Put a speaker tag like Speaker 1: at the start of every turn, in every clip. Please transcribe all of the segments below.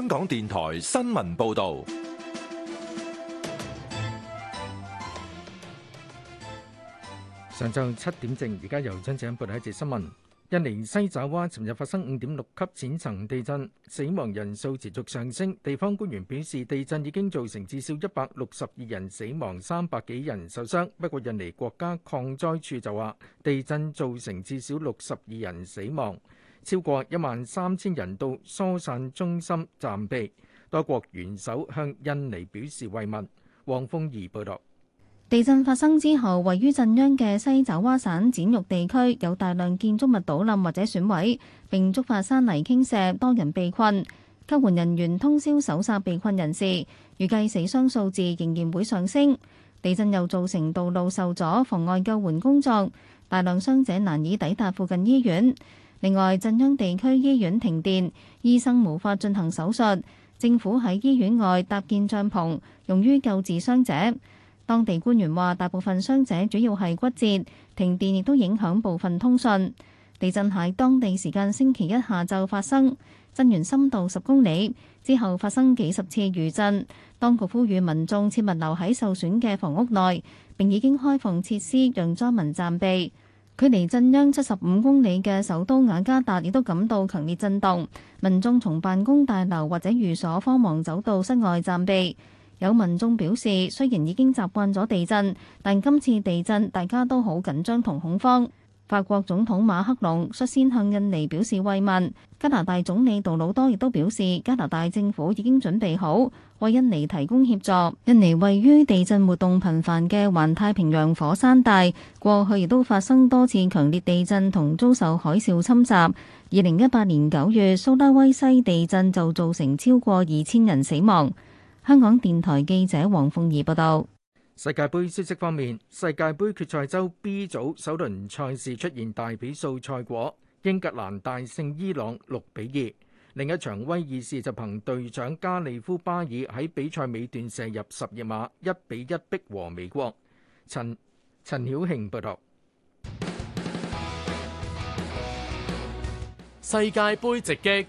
Speaker 1: 香港電台新聞報道，
Speaker 2: 上晝七點正，而家由張子欣播一節新聞。印尼西爪哇尋日發生五點六級淺層地震，死亡人數持續上升。地方官員表示，地震已經造成至少一百六十二人死亡，三百幾人受傷。不過，印尼國家抗災處就話，地震造成至少六十二人死亡。超過一萬三千人到疏散中心暫避。多國元首向印尼表示慰問。黃鳳儀報道：
Speaker 3: 「地震發生之後，位於震央嘅西爪哇省展玉地區有大量建築物倒冧或者損毀，並觸發山泥傾瀉，多人被困。救援人員通宵搜殺被困人士，預計死傷數字仍然會上升。地震又造成道路受阻，妨礙救援工作，大量傷者難以抵達附近醫院。另外，震央地區醫院停電，醫生無法進行手術。政府喺醫院外搭建帳篷，用於救治傷者。當地官員話，大部分傷者主要係骨折。停電亦都影響部分通訊。地震喺當地時間星期一下晝發生，震源深度十公里，之後發生幾十次餘震。當局呼籲民眾切勿留喺受損嘅房屋內，並已經開放設施讓災民暫避。距離震央七十五公里嘅首都雅加達，亦都感到強烈震動。民眾從辦公大樓或者寓所慌忙走到室外暫避。有民眾表示，雖然已經習慣咗地震，但今次地震大家都好緊張同恐慌。法國總統馬克龍率先向印尼表示慰問，加拿大總理杜魯多亦都表示，加拿大政府已經準備好為印尼提供協助。印尼位於地震活動頻繁嘅環太平洋火山帶，過去亦都發生多次強烈地震同遭受海嘯侵襲。二零一八年九月，蘇拉威西地震就造成超過二千人死亡。香港電台記者黃鳳儀報道。
Speaker 2: 世界杯消息方面，世界杯決賽周 B 組首輪賽事出現大比數賽果，英格蘭大勝伊朗六比二。另一場威爾士就憑隊長加利夫巴爾喺比賽尾段射入十二碼一比一逼和美國。陳陳曉慶報道。
Speaker 4: 世界杯直擊。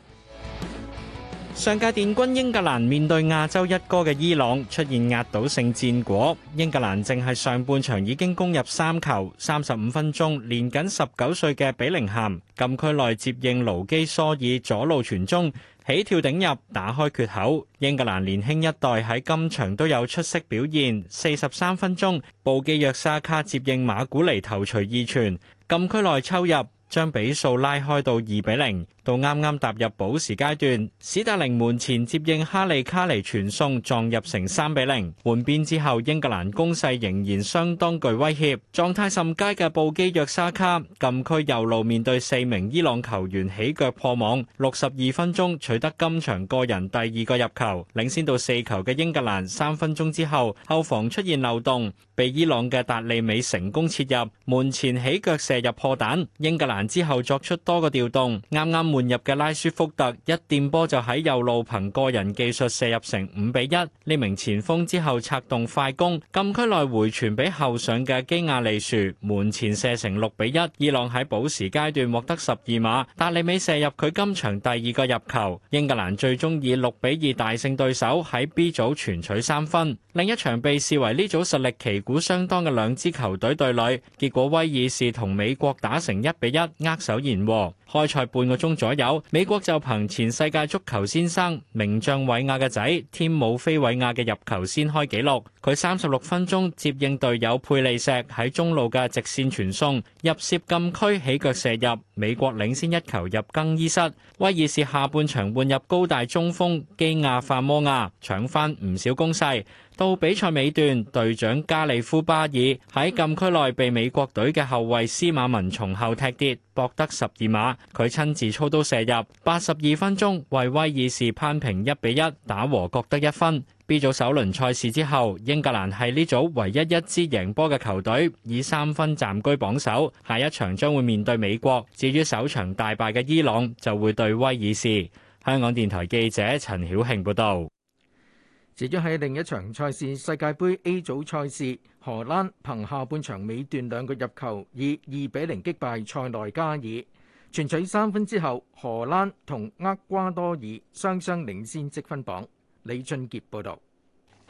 Speaker 4: 上屆殿軍英格蘭面對亞洲一哥嘅伊朗，出現壓倒性戰果，英格蘭淨係上半場已經攻入三球。三十五分鐘，年僅十九歲嘅比寧漢，禁區內接應勞基蘇爾左路傳中，起跳頂入打開缺口。英格蘭年輕一代喺今場都有出色表現。四十三分鐘，布基約沙卡接應馬古尼頭錘二傳禁區內抽入。將比數拉開到二比零，到啱啱踏入補時階段。史達寧門前接應哈利卡尼傳送，撞入成三比零。換邊之後，英格蘭攻勢仍然相當具威脅。狀態甚佳嘅布基約沙卡禁區右路面對四名伊朗球員起腳破網。六十二分鐘取得今場個人第二個入球，領先到四球嘅英格蘭。三分鐘之後，後防出現漏洞，被伊朗嘅達利美成功切入門前起腳射入破蛋。英格蘭。之後作出多個調動，啱啱換入嘅拉舒福特一掂波就喺右路憑個人技術射入成五比一。呢名前鋒之後策動快攻，禁區內回傳俾後上嘅基亞利殊，門前射成六比一。伊朗喺補時階段獲得十二碼，達利美射入佢今場第二個入球。英格蘭最終以六比二大勝對手，喺 B 組全取三分。另一場被視為呢組實力旗鼓相當嘅兩支球隊對壘，結果威爾士同美國打成一比一。握手言和，開賽半個鐘左右，美國就憑前世界足球先生名將韋亞嘅仔添姆菲韋亞嘅入球先開紀錄。佢三十六分鐘接應隊友佩利石喺中路嘅直線傳送，入涉禁區起腳射入，美國領先一球入更衣室。威爾士下半場換入高大中鋒基亞范摩亞，搶翻唔少攻勢。到比賽尾段，隊長加利夫巴爾喺禁區內被美國隊嘅後衛斯馬文從後踢跌，博得十二碼，佢親自操刀射入。八十二分鐘，為威爾士扳平一比一，打和，各得一分。B 組首輪賽事之後，英格蘭係呢組唯一一支贏波嘅球隊，以三分暫居榜首。下一場將會面對美國。至於首場大敗嘅伊朗，就會對威爾士。香港電台記者陳曉慶報導。
Speaker 2: 其中喺另一場賽事，世界盃 A 組賽事，荷蘭憑下半場尾段兩個入球以，以二比零擊敗塞內加爾，全取三分之後，荷蘭同厄瓜多爾雙，雙雙領先積分榜。李俊杰報導。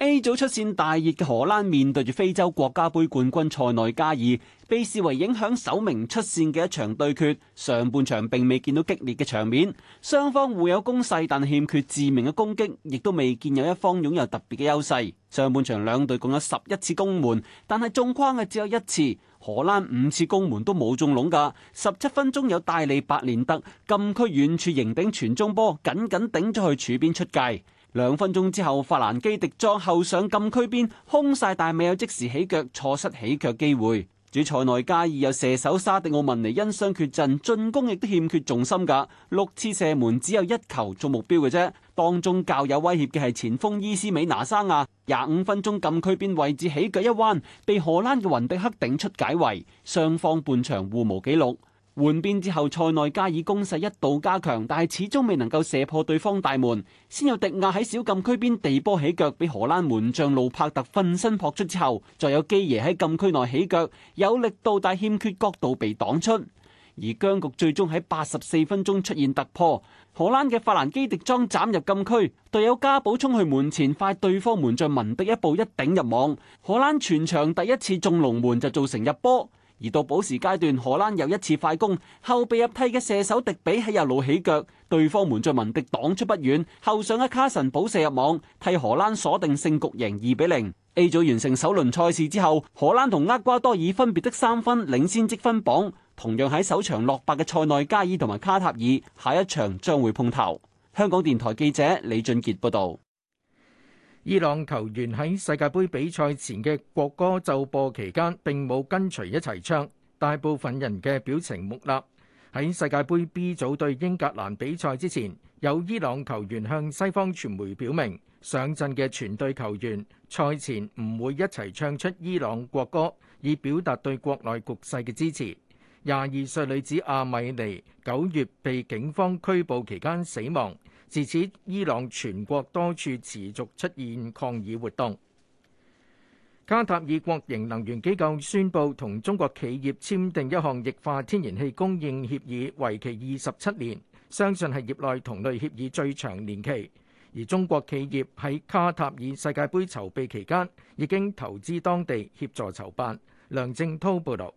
Speaker 1: A 組出線大熱嘅荷蘭面對住非洲國家杯冠軍塞內加爾，被視為影響首名出線嘅一場對決。上半場並未見到激烈嘅場面，雙方互有攻勢，但欠缺致命嘅攻擊，亦都未見有一方擁有特別嘅優勢。上半場兩隊共有十一次攻門，但係中框嘅只有一次。荷蘭五次攻門都冇中籠㗎。十七分鐘有戴利·白連特禁區遠處迎頂傳中波，緊緊頂咗去柱邊出界。兩分鐘之後，法蘭基迪莊後上禁區邊，空晒大未有即時起腳，錯失起腳機會。主賽內加爾有射手沙迪奧文尼因傷缺陣，進攻亦都欠缺重心噶。六次射門只有一球做目標嘅啫。當中較有威脅嘅係前鋒伊斯美拿沙亞，廿五分鐘禁區邊位置起腳一彎，被荷蘭嘅雲迪克頂出解圍。雙方半場互無紀錄。換邊之後，塞內加爾攻勢一度加強，但係始終未能夠射破對方大門。先有迪亞喺小禁區邊地波起腳，俾荷蘭門將盧柏，柏特奮身撲出之後，再有基爺喺禁區內起腳，有力度但欠缺角度被擋出。而僵局最終喺八十四分鐘出現突破，荷蘭嘅法蘭基迪莊斬入禁區，隊友加寶衝去門前，快對方門將文迪一步一頂入網，荷蘭全場第一次中龍門就造成入波。而到補時階段，荷蘭又一次快攻後備入替嘅射手迪比喺右路起腳，對方門將文迪擋出不遠，後上一卡神補射入網，替荷蘭鎖定勝局，贏二比零。A 組完成首輪賽事之後，荷蘭同厄瓜多爾分別得三分，領先積分榜。同樣喺首場落敗嘅塞內加爾同埋卡塔爾，下一場將會碰頭。香港電台記者李俊杰報道。
Speaker 2: 伊朗球員喺世界杯比賽前嘅國歌奏播期間並冇跟隨一齊唱，大部分人嘅表情木訥。喺世界杯 B 組對英格蘭比賽之前，有伊朗球員向西方傳媒表明，上陣嘅全隊球員賽前唔會一齊唱出伊朗國歌，以表達對國內局勢嘅支持。廿二歲女子阿米尼九月被警方拘捕期間死亡。自此，伊朗全國多處持續出現抗議活動。卡塔爾國營能源機構宣布同中國企業簽訂一項液化天然氣供應協議，為期二十七年，相信係業內同類協議最長年期。而中國企業喺卡塔爾世界杯籌備期間已經投資當地協助籌辦，
Speaker 5: 梁正濤報道。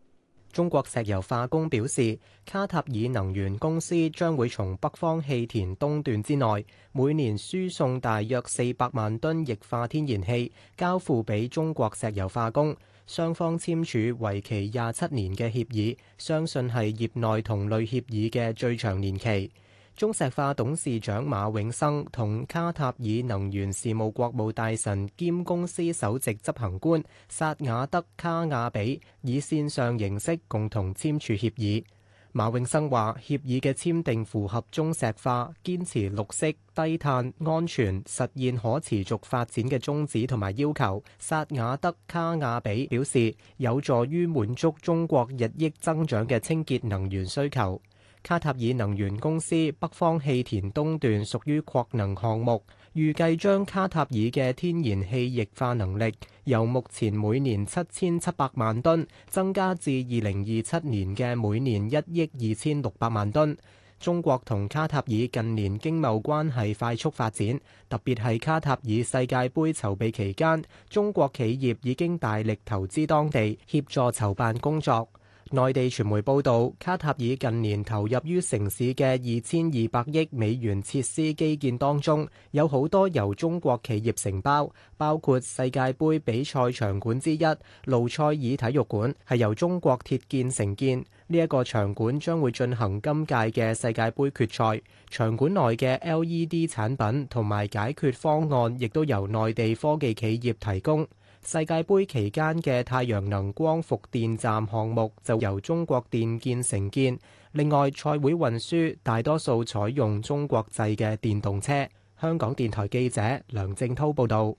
Speaker 5: 中國石油化工表示，卡塔爾能源公司將會從北方氣田東段之內，每年輸送大約四百萬噸液化天然氣，交付俾中國石油化工。雙方簽署為期廿七年嘅協議，相信係業內同類協議嘅最長年期。中石化董事長馬永生同卡塔爾能源事務國務大臣兼公司首席執行官薩瓦德卡亞比以線上形式共同簽署協議。馬永生話，協議嘅簽訂符合中石化堅持綠色、低碳、安全、實現可持續發展嘅宗旨同埋要求。薩瓦德卡亞比表示，有助於滿足中國日益增長嘅清潔能源需求。卡塔爾能源公司北方氣田東段屬於擴能項目，預計將卡塔爾嘅天然氣液化能力由目前每年七千七百萬噸增加至二零二七年嘅每年一億二千六百萬噸。中國同卡塔爾近年經貿關係快速發展，特別係卡塔爾世界盃籌備期間，中國企業已經大力投資當地，協助籌辦工作。內地傳媒報導，卡塔爾近年投入於城市嘅二千二百億美元設施基建當中，有好多由中國企業承包，包括世界盃比賽場館之一盧賽爾體育館係由中國鐵建承建。呢一個場館將會進行今屆嘅世界盃決賽，場館內嘅 LED 產品同埋解決方案亦都由內地科技企業提供。世界盃期間嘅太陽能光伏電站項目就由中國電建承建。另外，賽會運輸大多數採用中國製嘅電動車。香港電台記者梁正滔報導。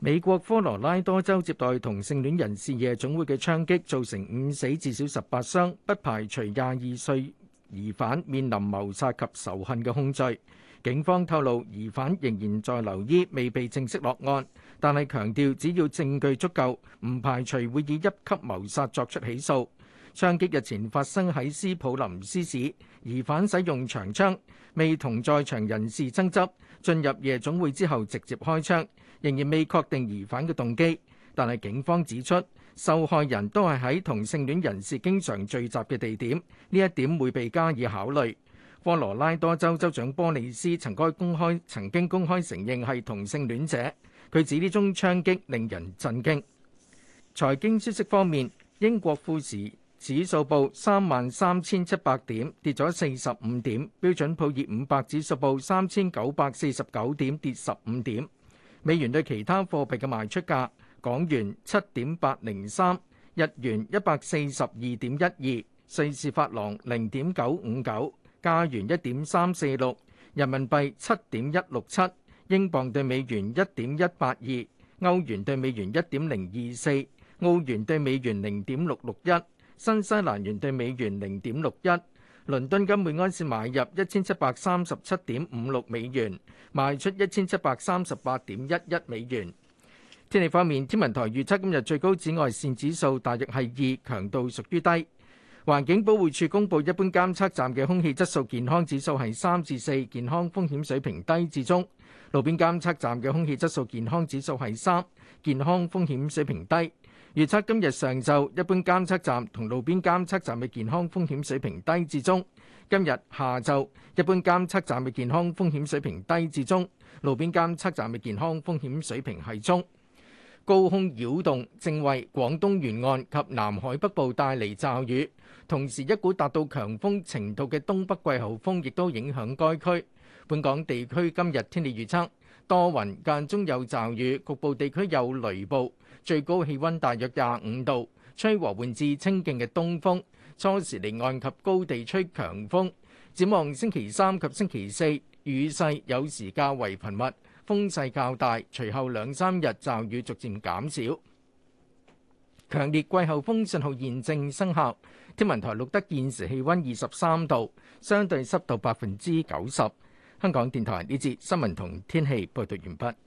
Speaker 5: 美國科羅拉多州接待同性戀人士
Speaker 2: 夜總會嘅槍擊造成五死至少十八傷，不排除廿二歲疑犯面臨謀殺及仇恨嘅控罪。警方透露疑犯仍然在留醫，未被正式落案。但係強調，只要證據足夠，唔排除會以一級謀殺作出起訴。槍擊日前發生喺斯普林斯市，疑犯使用長槍，未同在場人士爭執，進入夜總會之後直接開槍，仍然未確定疑犯嘅動機。但係警方指出，受害人都係喺同性戀人士經常聚集嘅地點，呢一點會被加以考慮。科羅拉多州州長波利斯曾該公開曾經公開承認係同性戀者。佢指呢種槍擊令人震驚。財經消息方面，英國富時指數報三萬三千七百點，跌咗四十五點；標準普爾五百指數報三千九百四十九點，跌十五點。美元對其他貨幣嘅賣出價：港元七點八零三，日元一百四十二點一二，瑞士法郎零點九五九，加元一點三四六，人民幣七點一六七。英鎊兌美元一點一八二，歐元兌美元一點零二四，澳元兌美元零點六六一，新西蘭元兌美元零點六一。倫敦金每安士買入一千七百三十七點五六美元，賣出一千七百三十八點一一美元。天氣方面，天文台預測今日最高紫外綫指數大約係二，強度屬於低。環境保護署公布一般監測站嘅空氣質素健康指數係三至四，健康風險水平低至中。路邊監測站嘅空氣質素健康指數係三，健康風險水平低。預測今日上晝一般監測站同路邊監測站嘅健康風險水平低至中。今日下晝一般監測站嘅健康風險水平低至中，路邊監測站嘅健康風險水平係中。高空擾動正為廣東沿岸及南海北部帶嚟驟雨，同時一股達到強風程度嘅東北季候風亦都影響該區。本港地區今日天氣預測多雲，間中有驟雨，局部地區有雷暴。最高氣溫大約廿五度，吹和緩至清勁嘅東風。初時離岸及高地吹強風。展望星期三及星期四雨勢有時較為頻密，風勢較大。隨後兩三日驟雨逐漸減少。強烈季候風信號現正生效。天文台錄得現時氣溫二十三度，相對濕度百分之九十。香港電台呢節新聞同天氣報道完畢。